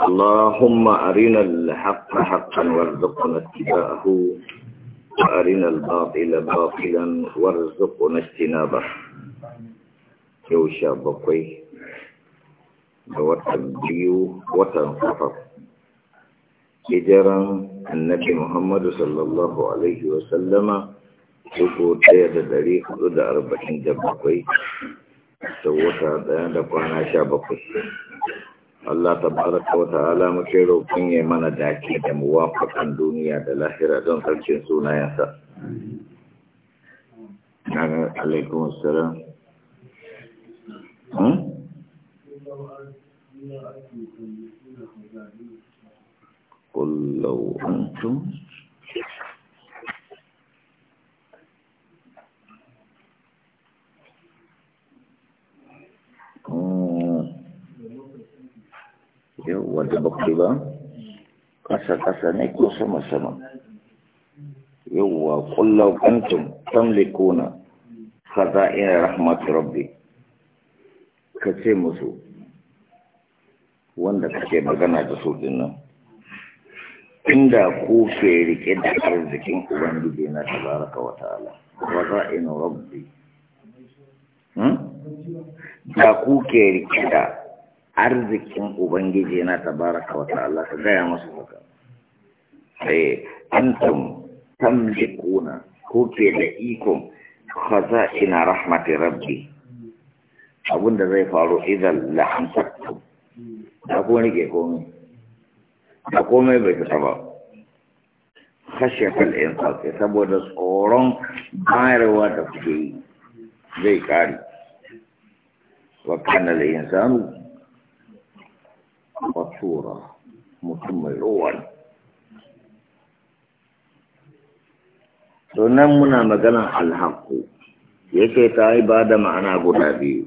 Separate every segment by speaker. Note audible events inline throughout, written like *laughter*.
Speaker 1: اللهم أرنا الحق حقا وارزقنا اتباعه وأرنا الباطل باطلا وارزقنا اجتنابه يوشا بقي وتنبيو وتنفر hijiran annabi Muhammadu sallallahu Alaihi wasallama dubu ɗaya da ɗari hudu da arba'in da bakwai da wata ɗaya da kwana sha bakwai Allah tabaraka wa ta'ala muke roƙon yayi mana dace da muwafakan duniya da lahira don sarkin sunayensa. Nana alaikum assalam. Hmm? antum yau wadda bakwai ba ƙasa-ƙasa ne ko sama-sama yauwa ƙullau ƙantum Kaza ina rahmatu rabbi ka ce musu wanda kake magana da su dinnan inda ku ke rike da arzikin ubangiji na tabaraka wa ta'ala ina rabbi hmm? da ku ke rike da arzikin ubangiji na tabaraka wa ta'ala ka gaya masu haka sai eh, antum tamlikuna ko ke da ikon ina rahmati rabbi abinda zai faru idan la'amsattu da ko ke komai da komai bai fita ba khashyatal infaq saboda tsoron bayarwa da kuke yi zai kare wa da yin basura mutum mai ruwan sannan muna maganan alhaku yake ta yi ba da ma'ana guda biyu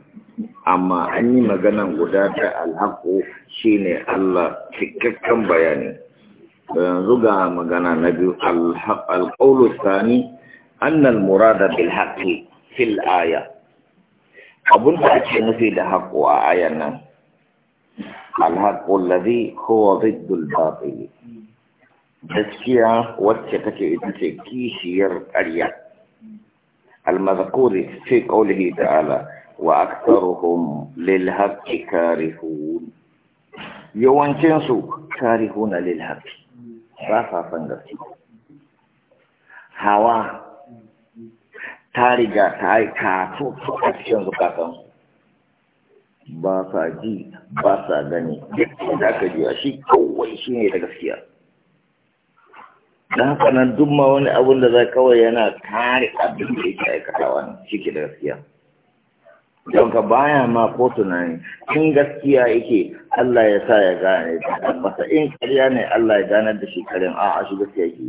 Speaker 1: amma an yi maganan guda ta alhaku shine Allah cikakken bayani yanzu ga magana na biyu alƙaulu sani annal murada bil fil aya abun da ake nufi da haƙu a ayan nan الحق الذي هو ضد الباطل تزكية كي تزكيشير أريا المذكور في قوله تعالى وأكثرهم للحق كارهون يوان جنسو كارهون للحق رافا فنغسي هوا تاريجا تاي كاتو تكتشن زكاتنسو ba sa ji ba sa gani da aka ji a shi kawai shi ne da gaskiya da haka nan duk ma wani abun da za kawai yana kare abin da yake aikatawa ne shi ke da gaskiya don ka baya ma ko tunani in gaskiya yake Allah ya sa ya gane masa in karya ne Allah ya gane da shi karin a a shi gaskiya yake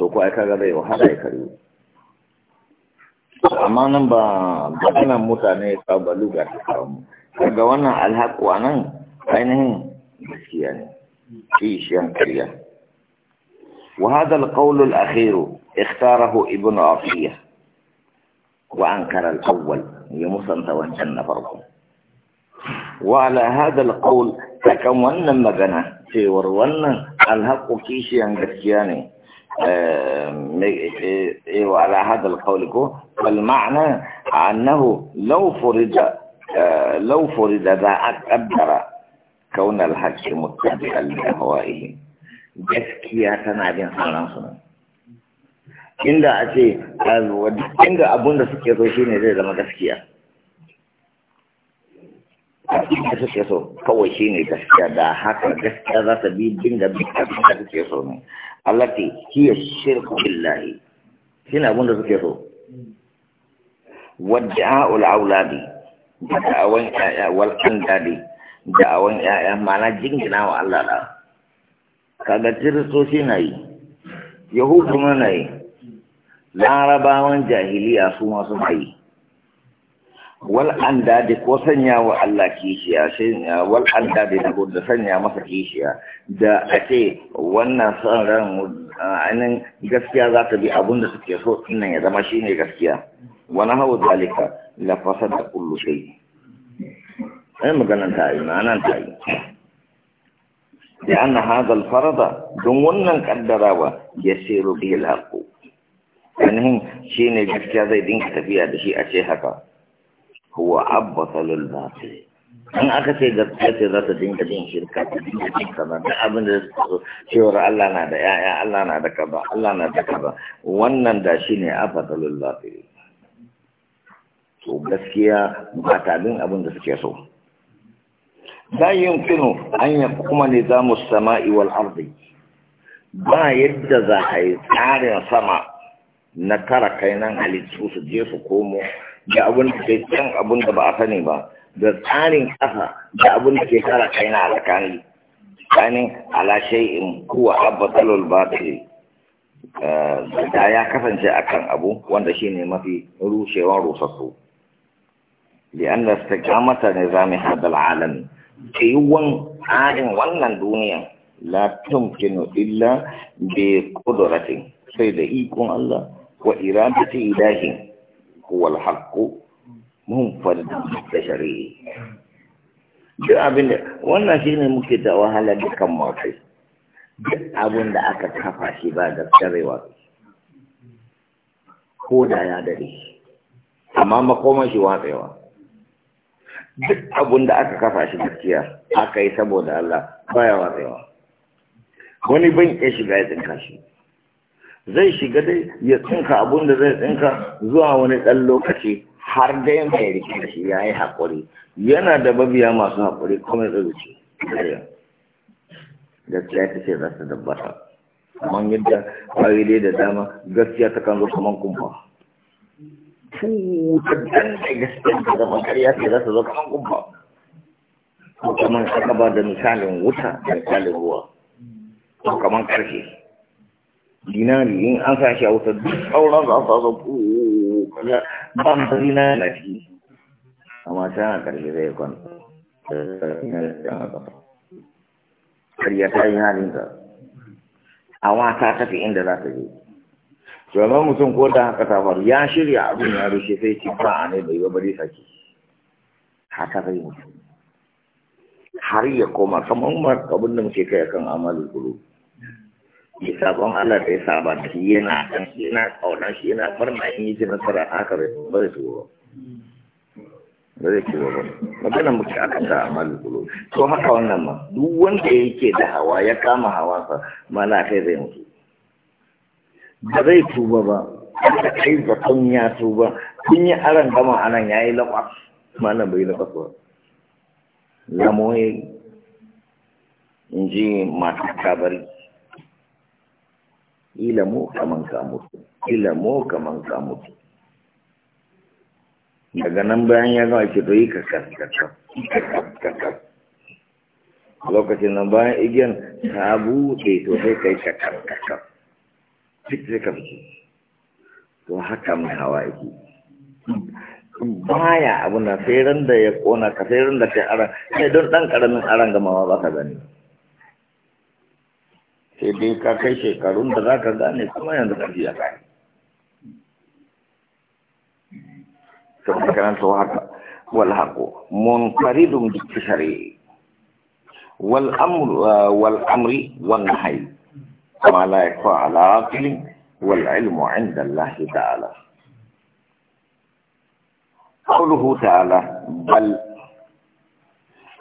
Speaker 1: to ko ai kaga bai wahala ya karyo amma nan ba maganan mutane saba luga ta samu daga wannan alhakuwa nan ainihin gaskiya ne kishiyan karya وهذا القول الأخير اختاره ابن عطية وأنكر الأول يمسن توانشن فرقه وعلى هذا القول تكون مجنى في ونن الحق كيشي عن كرياني وعلى هذا القول فالمعنى أنه لو فرد لو فرد ذا أكبر كون الحج متبعا لأهوائه جس كياتنا بين خلان صنع عند أتي عند أبون دسك يتوشين إذا لما جس كيا جس كيا صنع كوشين جس كيا دا حق جس كيا ذا سبيل جنجا بيكا بيكا بيكا بيكا allati hiya shirku billahi shine abin da suke so wadda'ul auladi da'awan ya'ya wal andadi da'awan ya'ya mana jingina wa Allah da kaga kiristoci na yi yahudu na yi larabawan jahiliya su ma suna wal andadi ko sanya wa Allah kishiya sai uh, wal an da ko sanya masa kishiya da ake wannan san ran uh, anan gaskiya za ta bi abin da suke so nan ya zama shine gaskiya wa nahawu zalika la fasada kullu shay ai maganan ta yi nan ta yi da anna hadha al farada don wannan kaddarawa yasiru bil haqq ainihin shine gaskiya zai dinka tafiya da shi a ce haka huwa lil batil An aka ce gaskiya ce za ta dinga jin shirka ta dinga jin kaza duk abin da su cewar Allah na da ƴaƴa Allah na da kaza Allah na da kaza wannan da shine lil batil to gaskiya ba ta bin abin da suke so la yumkinu an za mu samai wal ardi ba yadda za a yi tsarin sama na tara kainan halittu su je su komo da abun da ke abun da ba a sani ba da tsarin kasa da abun da ke tara kai na alakani tsanin alashai in kuwa abbatalul ba ce eh, da ya kasance akan abu wanda shine mafi rushewar rusassu da an da ta kyamata ne za mu wannan duniya la tumkinu illa bi qudratin sai da ikon Allah wa iradati ilahi huwa al-haqqu al-bashari duk abin da wannan ne muke da wahala dukan mafi duk abin da aka kafa shi ba da tsarewa ko da ya dare amma makoman shi watsewa duk abin da aka kafa shi gaskiya aka yi saboda Allah baya watsewa wani bin ya shiga ya tsinka shi zai shiga dai ya tsinka abun da zai tsinka zuwa wani ɗan lokaci har dai mai rike da shi ya yi haƙuri yana da babiya masu haƙuri kuma ya zuci gaskiya ta ce za su dabbata amma yadda ƙwayoyi dai da dama gaskiya ta kan zo kamar kumfa cutar da gaskiya ta zaman kariya ce za su zo kamar kumfa ko aka ba da misalin wuta da misalin ruwa ko kamar ƙarfe dinari in an sa shi a wutar duk sauran za su zo kaga ban da dinari na fi amma ta na karshe zai kwanta karya ta yi halin ka amma ta tafi inda za ta je domin mutum ko da haka ta faru ya shirya abin ya rushe sai ci ba a ne bai ba bari sake haka zai mutum har ya koma kamar abin da muke kai kan amalin kulubu mai sabon Allah da ya saba da shi yana kan shi yana kaunar shi yana farma in yi ci nasara haka ba zai tuwo ba zai tuwo ba magana muke aka ta amal to haka wannan ma duk wanda yake da hawa ya kama hawa sa mana kai zai mutu ba zai tuba ba da kai zaton ya tuba kun yi aran gama anan yayi yi mana bai lakwas ba lamoye in masu kabari kila mu kaman ka mutu kila mu kaman ka mutu daga nan bayan ya gama ce to yi ka kakakakakakak lokacin nan bayan igiyan ta buɗe to sai ka yi kakakakak duk sai ka fice to haka mai hawa yake baya abu na sai da ya kona ka sai ran da kai aran sai don ɗan ƙaramin aran gamawa ba ka gani دي كاكاي شي كارون درا كدا والامر والنهي كما لا يخفى على عاقل والعلم عند الله تعالى قوله تعالى بل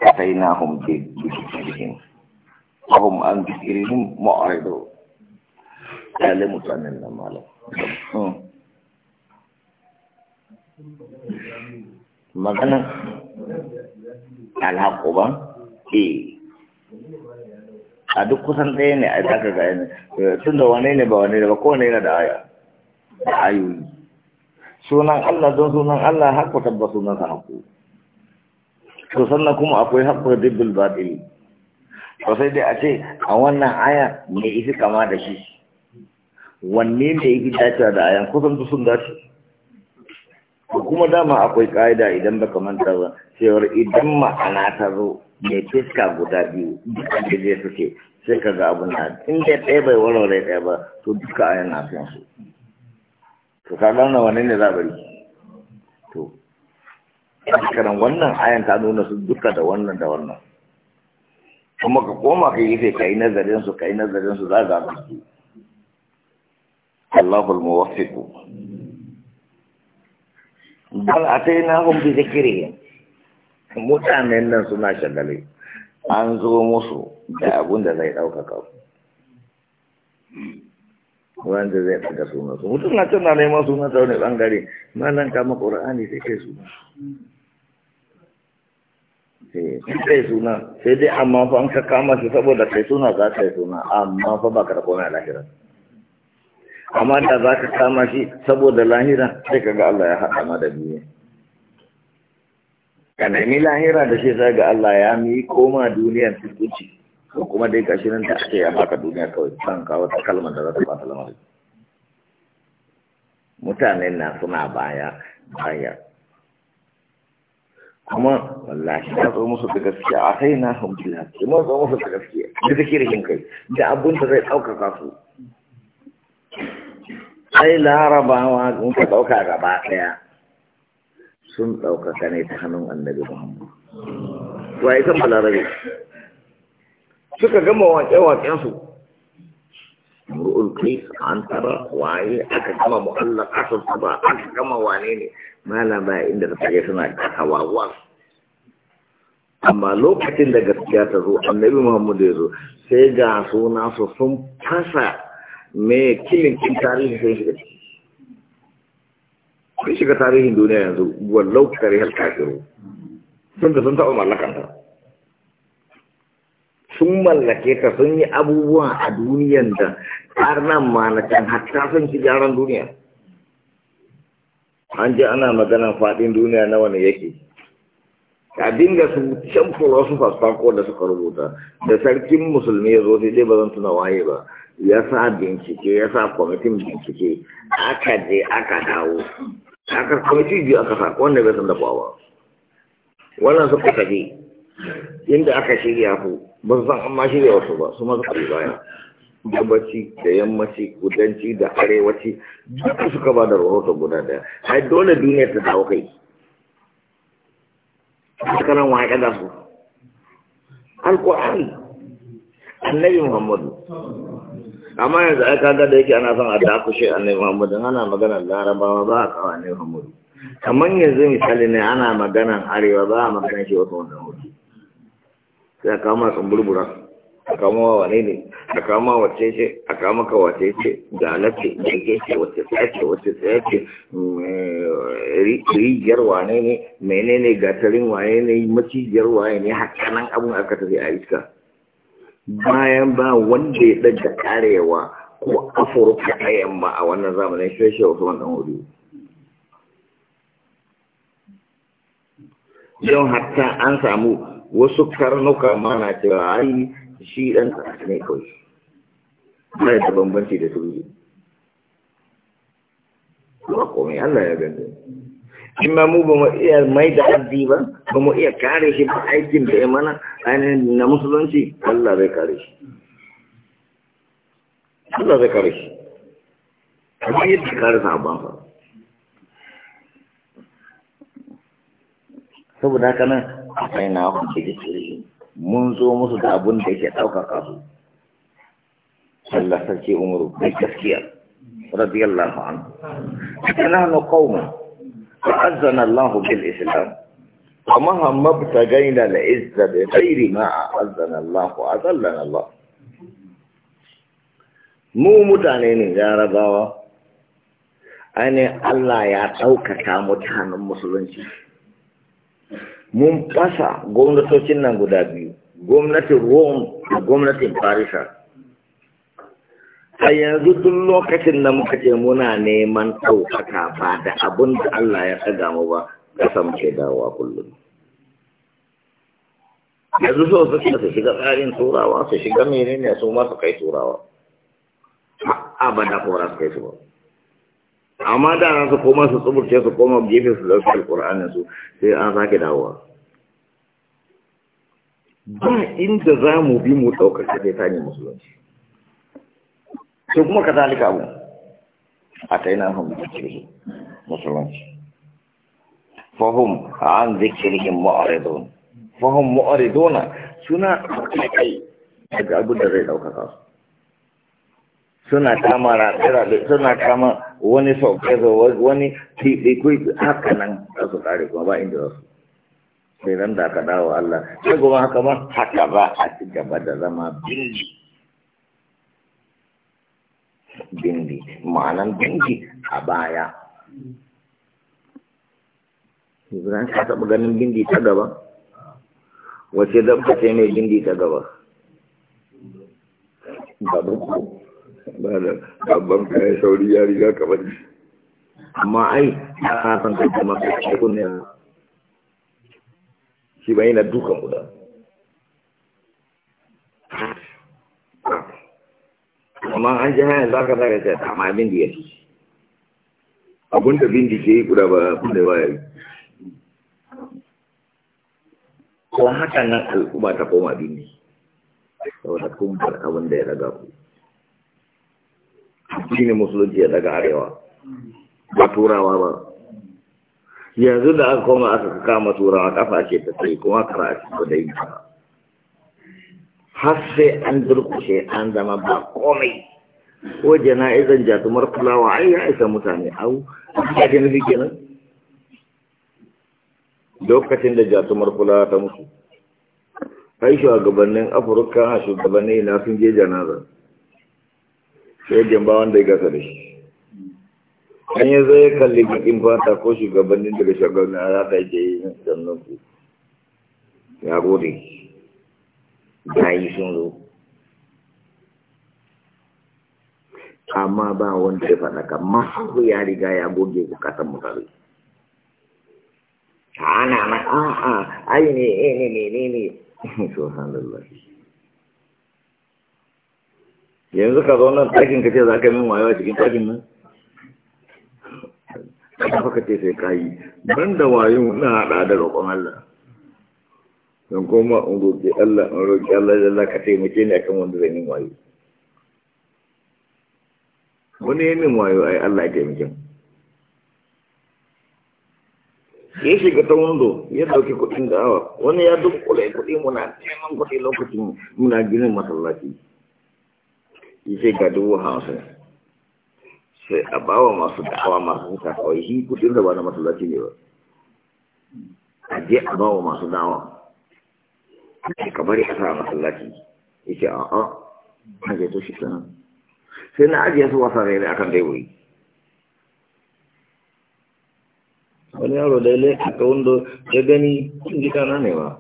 Speaker 1: أتيناهم بجسدهم وهم عن ذكرهم معرضون قال مطمئن مالك magana alhaƙo ba e a duk kusan ɗaya ne a zaka ga yana tun da wane ne ba wane ne ba kowane yana da aya da sunan Allah don sunan Allah haƙo tabbas sunan sa haƙo to sannan kuma akwai haƙo dibbil baɗili to sai dai a ce a wannan aya mai ifi kama da shi wanne ne ifi dacewa da ayan kusan su sun dace to kuma dama akwai ka'ida idan baka manta ba cewar idan ma'ana ta zo mai fiska guda biyu duka da zai suke sai ka ga abun nan in dai ɗaya bai warware ɗaya ba to duka ayan na son su to ka gano wanne ne za bari to karan wannan ayan ta nuna su duka da wannan da wannan kuma ka koma ka gefe ka yi nazarin su ka yi nazarin su za ga su Allahul muwaffiqu bal atainahum bi dhikrihim mutanen nan suna shagale an zo musu da abun da zai ɗaukaka wanda zai ɗaga sunansu mutum na can na neman sunan ta wani ɓangare ma nan kama ƙura'ani sai kai sunan kai eh, suna sai dai amma fa an ka kama shi saboda kai suna za ka yi suna amma fa ba ka da komai a lahira amma da za ka kama shi saboda lahira sai ka ga Allah ya haɗa ma da duniya ka nemi lahira da shi sai ga Allah ya mi koma duniyar tukunci ko kuma dai gashi nan da ake ya baka duniya kawai san ka wata kalmar da za ta bata lamarin mutanen na suna baya baya kuma wallahi na zo musu da gaskiya a sai na hamdu na ce mun zo musu da gaskiya da zikirin kai da abun da zai ɗaukaka su sai larabawa in ka dauka gaba daya sun dauka ne ta hannun annabi muhammad wa ya san balarabe suka gama waƙe-waƙensu murul kais an tara waye aka gama mu'allaf asal saba aka gama wane ne malama inda ta je suna kasawa amma lokacin da gaskiya ta zo annabi muhammad ya zo sai ga suna su sun fasa me kilin kin tarihi sai shiga shiga tarihin duniya yanzu wallau karihar kafiru sun da sun taɓa mallaka. sun mallake ka sun yi abubuwa a duniyan da har nan ma na can hatta sun ci gyaran duniya an ji ana maganan faɗin duniya nawa ne yake ka dinga su can philosophers farko da suka rubuta da sarkin musulmi ya zo sai dai ba zan tuna waye ba ya sa bincike ya sa kwamitin bincike aka je aka dawo aka kwamiti biyu aka sa wanda bai san da kwawa wannan suka tafi inda aka shirya ku ban san amma shi ne wasu ba su masu baya gabaci da yammaci kudanci da arewaci duka suka ba da rahoto guda daya ai dole duniya ta dawo kai karan wa ya su alkur'ani annabi muhammadu amma yanzu ai kaga da yake ana son a shi annabi muhammadu ana magana larabawa ba a kawo annabi muhammadu kamar yanzu misali ne ana magana arewa ba a magana shi wata wanda sai a kama tsumburbura a kama wa wane ne a kama wace ce a kama ka wace ce ga lafi jirge ce wace tsaye ce wace tsaye ce eh, rijiyar wane ne menene gatarin wane ne macijiyar wane ne nan abin aka tafi a iska bayan ba wanda ya ɗaga karewa ko afirka a yamma a wannan zamanin shashe wasu wannan wuri yau hatta an samu wasu karnuka mana na cewa ai shi ɗan ne kawai mai da bambanci da turu. Kuma komai Allah ya gani in ma mu ba mu iya mai da haddi ba ba mu iya kare shi ba aikin da ya mana ainihin na musulunci Allah zai kare shi Allah zai kare shi kamar yadda kare sabon sa saboda haka nan Akai na hukunce jikiri mun zo musu da abun da yake ɗaukaka su Allah sarki umaru da gaskiya radiyallahu anhu nahnu qaumun azana Allah bil islam da ابتغينا العزة a azana أعزنا a zallan allah mu mutane ne jarabawa ainihin Allah ya ɗaukaka mutanen musulunci mun fasa gwamnatocin nan guda biyu gwamnatin rome da gwamnatin farisa a yanzu duk lokacin da muka ce muna neman ɗaukaka ba da abin da Allah ya ɗaga mu ba ƙasa muke dawowa kullum yanzu so su su shiga tsarin turawa su shiga menene su masu kai turawa abada horas kai su ba amma da na su koma su tsuburce su koma gefe su da alƙur'anin su sai an sake dawowa ba inda za mu bi mu ɗaukaka sai ta ne musulunci sai kuma ka zalika mu a ta na hannun cikin musulunci fahim an zikirhin ma'aridon fahim ma'aridona suna kai daga abin da zai ɗaukaka su suna kama suna kama wani sauƙezo wani tiɗi haka nan za su ƙare kuma ba inda za su sai nan da aka dawo Allah sai kuma haka ma haka ba a ci gaba da zama bindi bindi ma'anan bindi a baya Ibrahim ka taɓa ganin bindi ta gaba wace dabba ce mai bindi ta gaba babu ba da babban kayan sauri ya riga ka bari amma ai a san ka kuma ka ce kun ya shi ba yana dukan guda amma an ji hanyar za ka zaka ce ta ma abin da ya ci bin da ke yi guda ba abin da ba ya yi ko haka nan al'umma ta koma bin saboda kun bar abin da ya raga ku addinin musulunci ya daga arewa ba turawa ba yanzu da aka koma aka kama turawa kafa ce ta sai kuma kara a cikin da yi har sai an durkushe an zama ba komai ko jana'izan jatumar fulawa ai ya isa mutane au ya ke nufi kenan lokacin da jatumar fulawa ta mutu ai shugabannin afirka shugabanni na sun je jana'izar shegen ba wanda ya gasa da shi an yi zai kalli bakin fata ko shugabannin daga shugabannin a zata yake yi sannan ku ya gode ya yi sun zo amma ba wanda ya faɗaka masu ya riga ya goge bukatan mutane ana ma a'a ai ne ne ne ne ne yanzu ka zo nan takin ka ce za ka min wayewa cikin takin nan ka fa ka ce sai ka yi ban da wayo na hada da roƙon Allah don kuma in roƙi Allah in roƙi Allah da Allah ka taimake ni akan wanda zai min wayo wani yin min wayo ai Allah ya taimake mu ya shiga ta wando ya dauki kuɗin da awa wani ya dukkule kuɗi muna neman kuɗi lokacin muna ginin masallaci yace ga dubu sai a bawa masu da'awa masu suka kawai shi kudin da ba na masallaci ne ba a je a bawa masu da'awa ka bari a sa masallaci yace a'a na je to shi sanan sai na ajiye su wasa ne akan dai wuri wani yaro da a haka wando ya gani cin gida na ne ba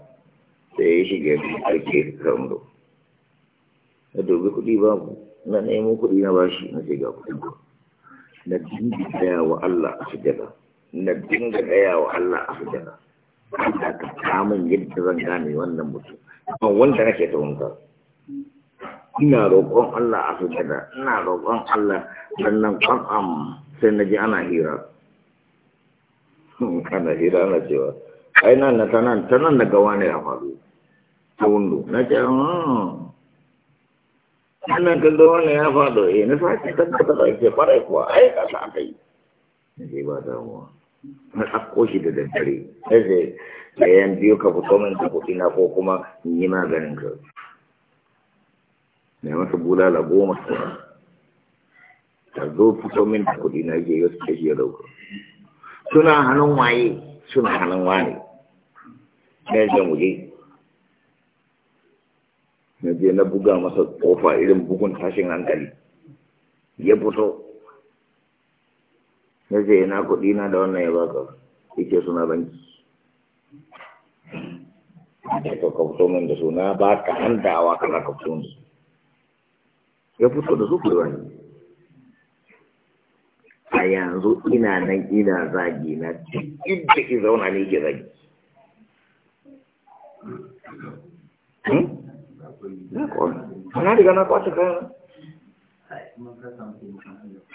Speaker 1: sai ya shige da ke karmdo ya dubi kudi babu na nemo kuɗi na bashi na ce ga kuɗi na dinga gaya wa Allah a sujada na dinga gaya wa Allah a sujada Allah ka samun yadda zan gane wannan mutum amma wanda nake tuhumta ina roƙon Allah a sujada ina roƙon Allah sannan am. sai na ji ana hira *laughs* ana hira ana cewa ai nan na tanan tanan gawa ne a faru ta wundo na ce hmm. wannan ka ga wannan ya faɗo eh na sake tabbata da ke farai kuwa ai ka sa kai ne ba damuwa na ɗauko shi da daddare sai sai da yan biyu ka fito min da kuɗi na ko kuma in yi maganin ka na masa bulala goma ta zo fito min da kuɗi na ke yau suke shi ya dauka suna hannun waye suna hannun wane ne zan muje na je na buga masa kofa irin bugun tashin hankali ya fito na je na kuɗi na da wannan ya baka yake suna banki da ka kauto min da suna ba ka hantawa kana kauto min ya fito da su kuwa ne a yanzu ina nan ina zagi na cikin da ki zauna ne ke zagi hmm? na di na kwace kayan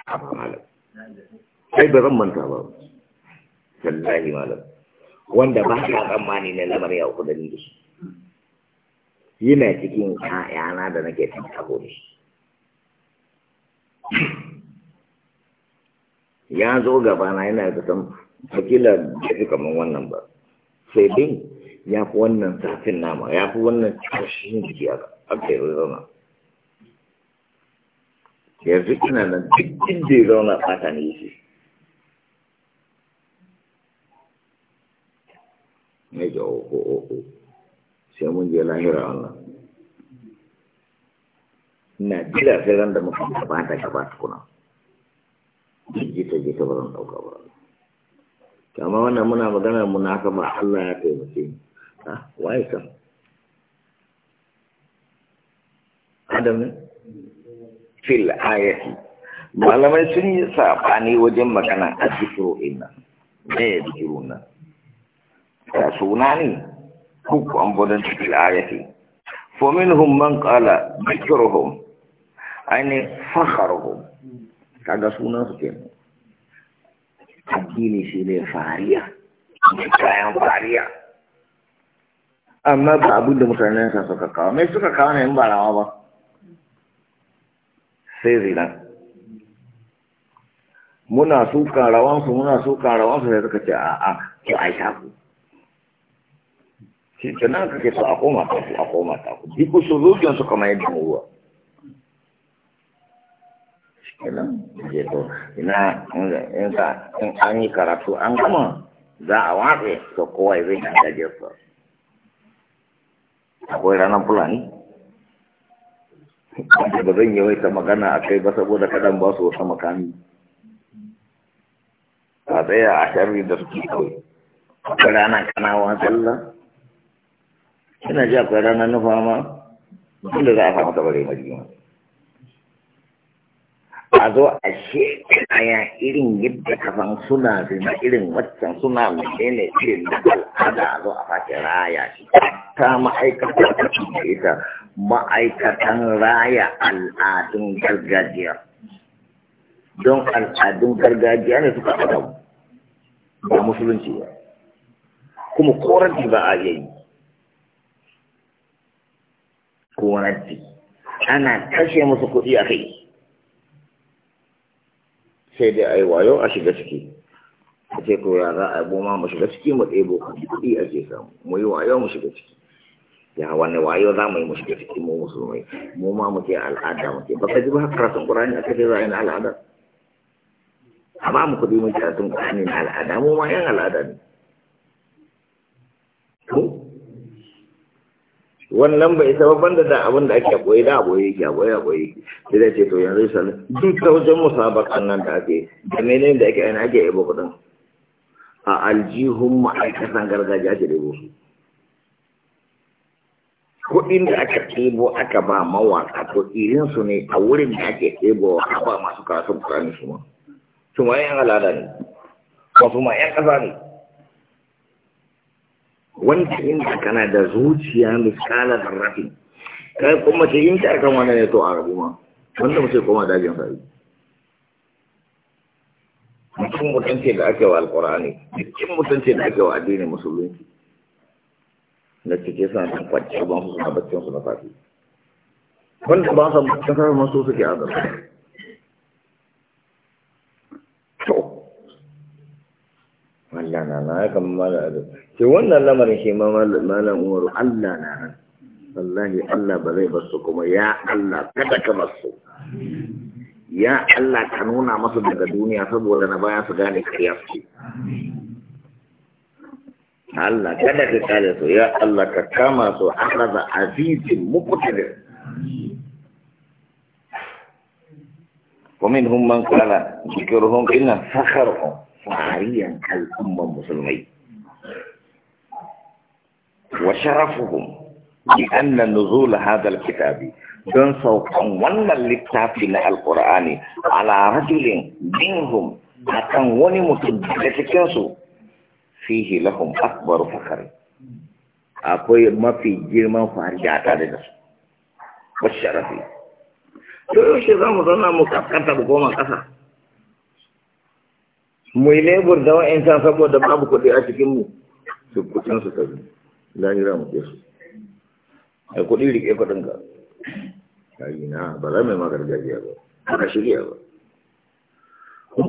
Speaker 1: apa malam ai ba zan manta ba wallahi malam wanda ba ka tsammani ne lamar ya ku da ni yana cikin ƴaƴana da nake tattabo da ne. ya zo gaba na yana da san fakila da kamar wannan ba sai dai ya fi wannan zafin nama ya fi wannan cikin jiki a kai zauna yanzu ina nan duk inda ya zauna fata ne shi na ga oho oho sai mun je lahira wannan na jira sai ran da muka gaba da gaba tukuna ta jita ba zan dauka ba amma wannan muna magana muna kama Allah ya taimake ni ah waye kan adam fil ayati malamai sun yi sabani wajen magana a zikiro ina me ya zikiro na ya suna ne kuku an bodon fil ayati fominhum man kala zikirohum aini fakharuhum kaga sunan su kenan addini shi ne fariya kayan fariya amma ba abin da mutanen sa suka kawo mai suka kawo ne in ba rawa ba sai zina muna sukan rawansu muna sukan rawansu sai suka ce a ki a shafu shi ke nan kake so a koma ta ku a koma ta ku bi su zuciyar su kama yadda ruwa shi ke nan je to ina in an yi karatu an gama za a watsa to kowa zai na gajiyar akwai ranar fulani ba zan yawaita magana a kai ba saboda kadan ba su wata makami a tsaya a sharri da suke kawai akwai ranar kanawa sallah ina ji akwai ranar nufa ma tun da za a samu tabarai a zo a she kaya irin yadda kafan suna zina irin waccan suna mai ne irin da al'ada a zo a fashe raya shi ta ma'aikata ta da ita ma'aikatan raya al'adun gargajiya don al'adun gargajiya ne suka fata ba musulunci ba kuma koranti ba a yayi koranti ana kashe musu kuɗi a kai sai dai a yi wayo a shiga ciki a ce ko ya za a goma mu shiga ciki mu ɗebo kuɗi a ce samu mu yi wayo mu shiga ciki ya wani wayo za mu yi mu shiga ciki mu musulmai mu ma mu ce al'ada mu ce baka ji ba karatun ƙurani a kace za a yi na al'ada a ba mu kuɗi mu karatun ƙurani na al'ada mu ma yan al'ada ne wannan bai ita babban da da abin da ake boye da boye yake boye boye sai da ce to yanzu sanin duk ta wajen musabakan nan da ake da menene da ake ana ake yabo kudin a aljihun ma'aikatan gargajiya ake debo su kudin da aka tebo aka ba mawaƙa to irin su ne a wurin da ake tebo a ba masu karatun kurani su ma su ma yan alada ne wasu ma yan ƙasa ne wanda inda kana da zuciya miskala da rafi kai kuma ce in ta kan wannan ne to a rabu ma wanda mutum koma dajin fari mutum ce da ake wa alkur'ani mutum ce da ake wa addinin musulunci da cike sa nan kwace ba su suna baccin su na fafi wanda ba su baccin sa su suke azabta to wallahi na na ya kammala to wannan lamarin shi ma malam umaru Allah na nan wallahi Allah ba zai basu kuma ya Allah kada ka basu ya Allah ka nuna masu daga duniya saboda na baya su gane kariya su Allah kada ka kare su ya Allah ka kama su Allah da azizin muqtadir ومنهم من قال ذكرهم إن فخرهم فعريا الأمة المسلمين وشرفهم لأن نزول هذا الكتاب دون سوقا ولا الكتاب من القرآن على رجل منهم أكن وني متدكسو فيه لهم أكبر فخر أقوي ما في جرم فارجع تدرس والشرفي to yaushe za mu zauna mu kaskanta mu koma ƙasa mu yi lebur da wa'in saboda babu kuɗi a cikinmu su kuɗin su tabi lahira mu ke su da kuɗi rike kuɗinka kayi na ba za mai ma gajiya ba aka shirya ba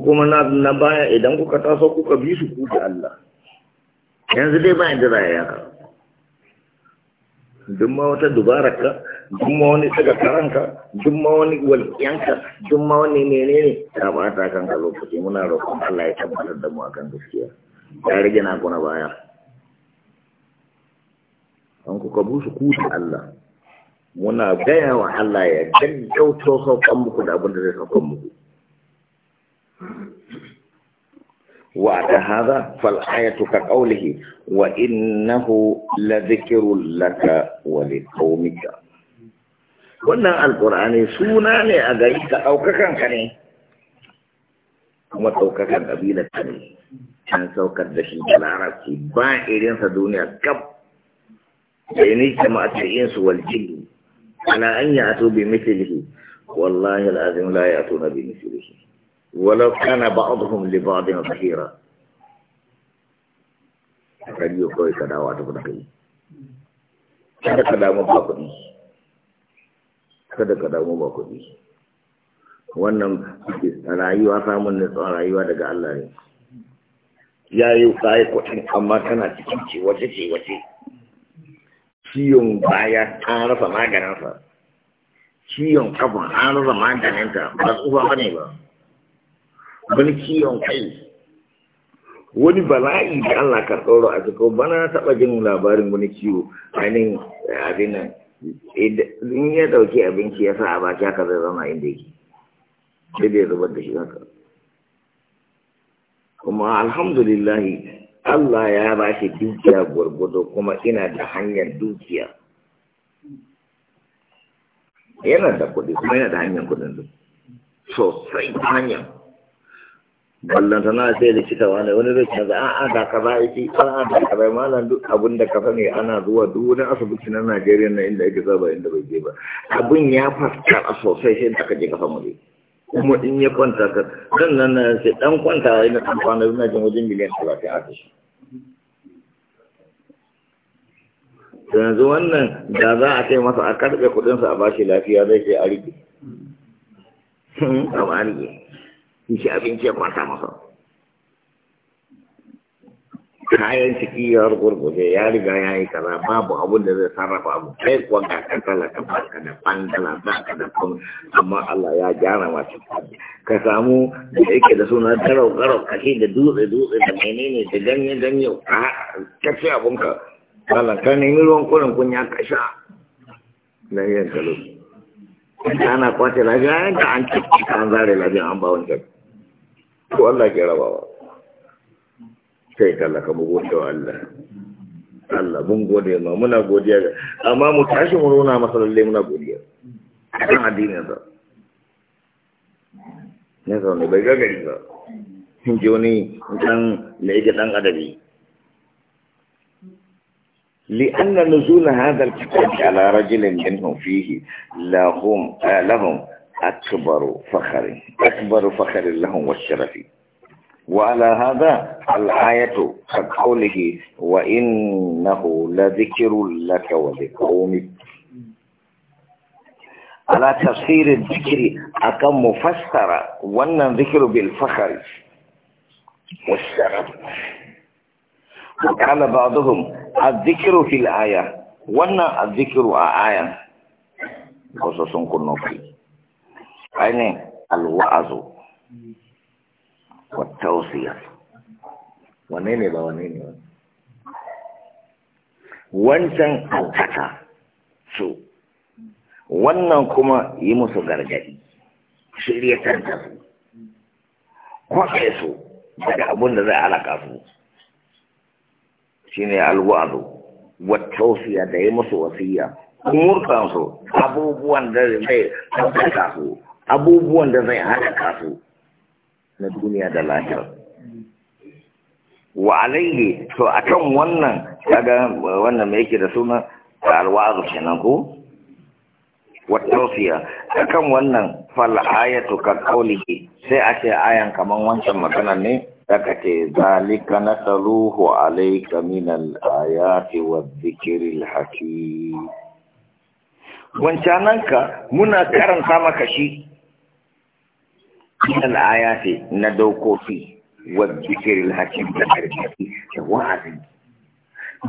Speaker 1: kuma na baya idan kuka taso kuka bi su ku Allah yanzu dai ba inda za a yaka duk ma wata dubararka duk ma wani tsaga karanka duk ma wani walƙiyanka duk ma wani menene ta ba ta kanka lokaci muna roƙon Allah ya tabbatar da mu akan gaskiya ya rage na kuna baya an kuka busu ku Allah muna gaya wa Allah ya dan kyautar saukan muku da abin da zai saukan muku وعلى هذا فالآية كقوله وإنه لذكر لك ولقومك wannan alkur'ani suna ne a gari ka ɗaukakan ka ne kuma ɗaukakan ƙabilar ka ne an saukar da shi da larabci ba irinsa duniya gab. da yi jama'at al-insu wal jinn ana an ya'tu bi mithlihi wallahi al-azim la ya'tuna bi mithlihi Wala kana ba ba'dhum li ba'dhin zahira radio kawai ka dawo ta kuɗa kai kada ka damu ba kuɗi kada ka damu ba kuɗi wannan rayuwa samun nutsuwa rayuwa daga Allah ne ya yi kayi kuɗin amma kana cikin ce wace ce wace ciwon baya an rasa maganinsa ciwon kafa an rasa maganinta ba tsufa ba ne ba wani ciwon kai wani bala'i da Allah ka tsoro a cikin bana taɓa jin labarin wani ciwo ainihin abin nan in ya ɗauki abinci ya sa a baki haka zai zama inda yake sai da ya zubar da shi haka kuma alhamdulillahi Allah ya ba shi dukiya gwargwado kuma ina da hanyar dukiya yana da kuɗi kuma yana da hanyar kuɗin su sosai ta hanyar ballanta na sai da cikawa ne wani zai canza an a da ka ba yake an an da ka bai malam duk abin da ka sani ana zuwa duk wani asibiti na Najeriya na inda ake zaba inda bai je ba abin ya faskara sosai sai da ka je ka mu dai kuma in ya kwanta ka kan nan na sai dan kwanta a ina kan kwana ina jin wajen miliyan talatin a kashi yanzu wannan da za a ce masa a karɓe kuɗinsa a bashi lafiya zai ce a rike hmm, a ba rike shi abinci ya kwanta masa kayan cikiyar ya ya riga ya yi kaza babu abun da zai sarrafa abu kai kuwa ga kankala ka baka da fandala baka da kun amma Allah ya gyara masu ka samu da yake da suna garau garau kashe da dutse dutse da menene da ganye ganye ka kace abunka Allah ka nemi ruwan kurin kun ya kasha na yin yankalo. ana kwace lafiya yanka an ciki an zare lafiya an ba wancan Ko Allah ke rabawa sai talaka mu gode wa Allah Allah mun gode ma muna godiya amma mu tashi mu rona masa lalle muna godiya kan addinin sa ne zaune bai ga gari ba sun ji wani dan da yake dan adabi لأن نزول هذا الكتاب على رجل منهم فيه لهم لهم أكبر فخر أكبر فخر لهم والشرف وعلى هذا الآية كقوله وإنه لذكر لك ولقومك على تفسير الذكر أكم مفسر وأن الذكر بالفخر والشرف وقال بعضهم الذكر في الآية وأن الذكر آية خصوصا كنا فيه أين الوعظ والتوصية ونيني با ونيني سو wannan kuma yi musu gargadi shiryatar da su kwaɗe su daga abin da zai alaka su shine alwa'azu wattausiya da yi musu wasiya umurkan abubuwan da zai halaka su abubuwan da zai halaka su na duniya da lahira wa alaihi to akan wannan kaga wannan me yake da suna alwazu kenan ko wa tawfiya akan wannan fal ayatu ka qawlihi sai a ce ayan kaman wancan magana ne daga ce zalika nasaluhu alayka min al ayati wa dhikril hakim Wancananka muna karanta maka shi من الآيات ندوكو في والذكر الحكيم بالحركة وعزي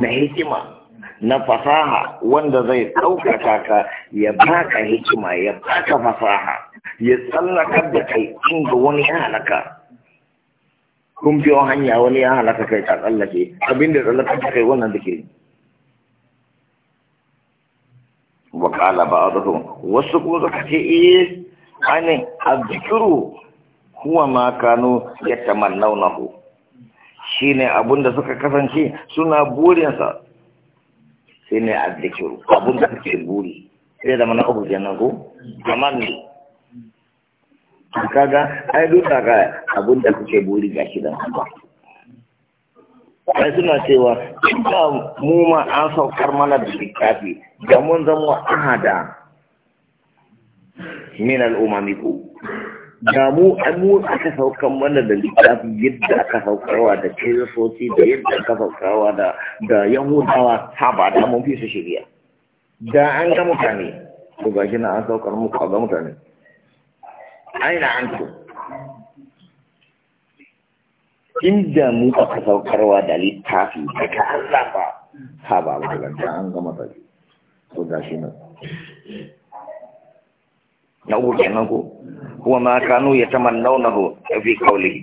Speaker 1: نهيكما نفصاها وند زي سوكا كاكا يباكا هيكما يباكا فصاها يصلى كبكي إنك ونيها لك kun biyo hanya wani ya halaka kai ka tsallake abin da tsallaka ta kai wannan dake wa qala ba'dhum wasu ko suka ce eh ane azkuru huwa ma kanu yatamannawnahu shine abunda suka kasance suna burinsa shine addikiru abunda suke buri sai da mana uku kenan ko tamanni kaga ai duk daga abunda suke buri gashi dan ai suna cewa ina mu ma an saukar mana da littafi da mun zama ahada min al'umami ku damu mu an mu aka saukan mana da littafi yadda aka saukarwa da kiristoci da yadda aka saukarwa da da yahudawa ha ba da mun fi su shirya da an ga mutane ko ga shi na an saukar muku a ga mutane aina an to inda mu aka saukarwa da littafi daga Allah ba ha ba ba da an ga mutane ko ga shi na na uku kenan ko wa ma kanu yatamannawnahu fi qawlihi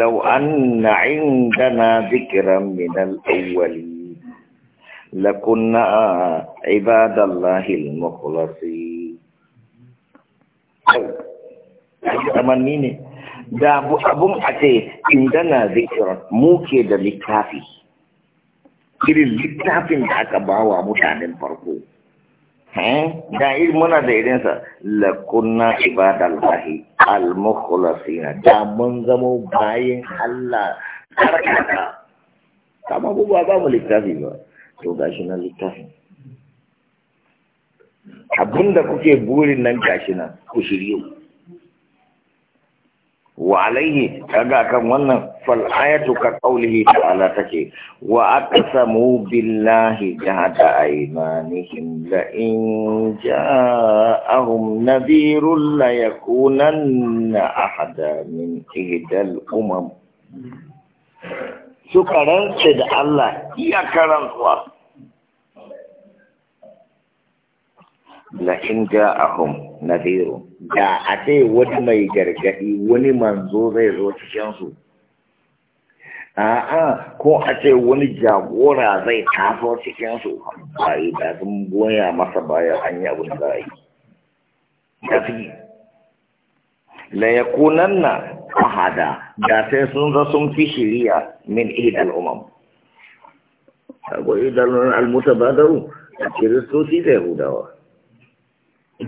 Speaker 1: law anna indana dhikran min al-awwalin lakunna ibadallahi al-mukhlasin tamanni ne da abun a ce indana zikiran muke da littafi irin littafin da aka bawa mutanen farko da eh? irin muna da irinsa lakunna ibadallahi al-mukhlasina da mun zamo bayin Allah karkata kama bubuwa ba mu littafi ba to gashi na littafi abinda kuke burin nan gashi ku shirye وعليه كذا كم فالآية كقوله تعالى تكي وأقسموا بالله جهد أيمانهم لئن جاءهم نذير ليكونن أحدا من إحدى الأمم سكران سيد الله يا كرم لئن جاءهم نذير da a ce wani mai gargaɗi wani manzo zai zo cikinsu a'a ko a ce wani jagora zai taso cikinsu ba da sun goya masa bayan an yi abin da la yi kunan na ahada da sai sun za sun fi shiriya min idal umam ko idan al mutabadaru kiristoci zai hudawa.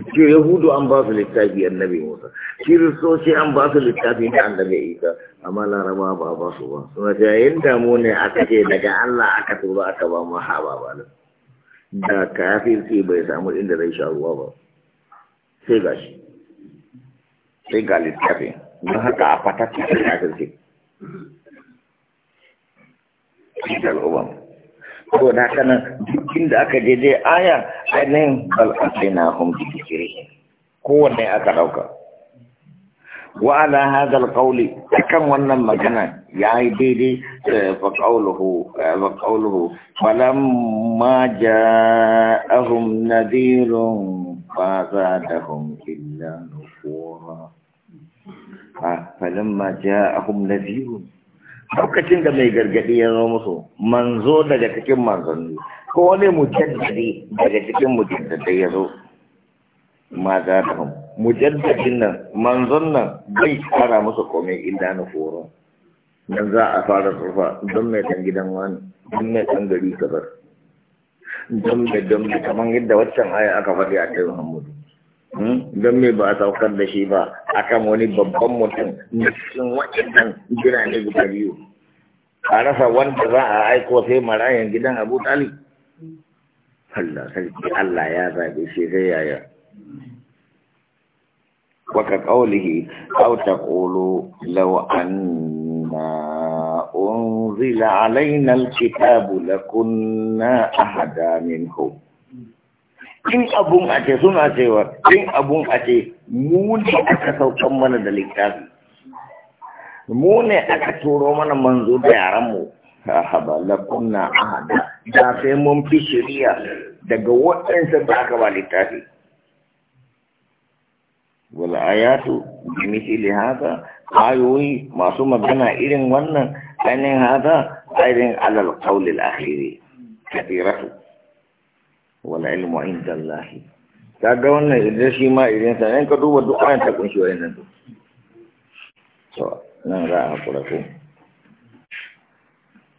Speaker 1: ke yahudu an ba su littafi annabi musa kiristoci an ba su littafi na annabi isa amma laraba ba ba su ba suna ta yayin damu ne a ce daga allah aka tura aka ba mu ha ba nan da sai bai samu inda zai sha ruwa ba sai ga shi sai ga littafi don haka a fatakka da kafirci Ko da kanan duk inda aka je dai aya ainihin bal'asina na bi zikri kowane aka dauka wa ala kauli a kan wannan magana ya yi daidai eh, fa qawluhu eh, fa qawluhu falamma ba za da hun illa ja a ja'ahum nadhirun lokacin da mai gargadi ya zo musu manzo daga cikin manzanni ko wani mujaddadi daga cikin mujaddadai ya zo ma za ta mujaddadin nan manzon nan bai fara musu komai inda na horon nan za a fara tsurfa don mai dan gidan wani don mai dan gari kabar don mai don mai kamar yadda waccan aya aka faɗi a kai muhammadu hmm? don mai ba a saukar da shi ba akan wani babban mutum na cikin waɗannan birane guda biyu a rasa wanda za a aiko sai marayan gidan abu talib Allah sarki Allah ya zaɓe shi sai yaya waka ƙaulihi aw taqulu law anna unzila alaina alkitabu lakunna ahada minhum in abun a ce suna cewa in abun a ce mu ne aka saukan mana da littafi mu ne aka turo mana manzo da yaranmu haba lakunna ahada da sai mun fi shiriya daga waɗansu da aka ba littafi wala ayatu misali haka ayoyi masu magana irin wannan ainihin haka ainihin alal qawl al-akhiri kathiratu wala ilmu inda Allah kaga wannan idan shi ma idan ta yanka ka duba duk ayan ta kunshi wannan to nan hakura ko